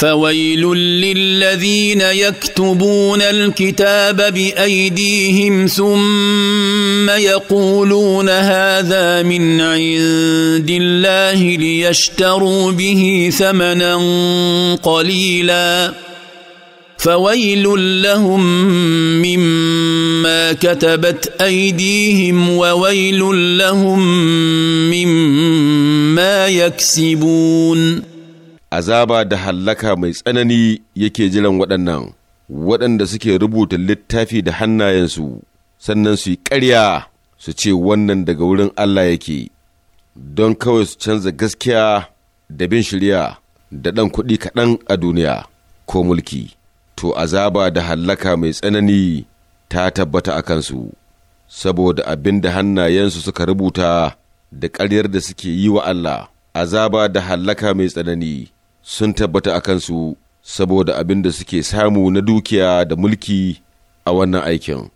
فويل للذين يكتبون الكتاب بايديهم ثم يقولون هذا من عند الله ليشتروا به ثمنا قليلا فويل لهم مما كتبت ايديهم وويل لهم مما يكسبون azaba da hallaka mai tsanani yake jiran waɗannan waɗanda suke rubuta littafi da hannayensu sannan su yi ƙarya su ce wannan daga wurin Allah yake don kawai su canza gaskiya da bin shirya da ɗan kuɗi kaɗan a duniya ko mulki to azaba da hallaka mai tsanani ta tabbata a kansu saboda abin da hannayensu suka rubuta da ƙaryar da suke yi wa Allah azaba da hallaka mai tsanani sun tabbata a kansu saboda abin da suke samu na dukiya da mulki a wannan aikin.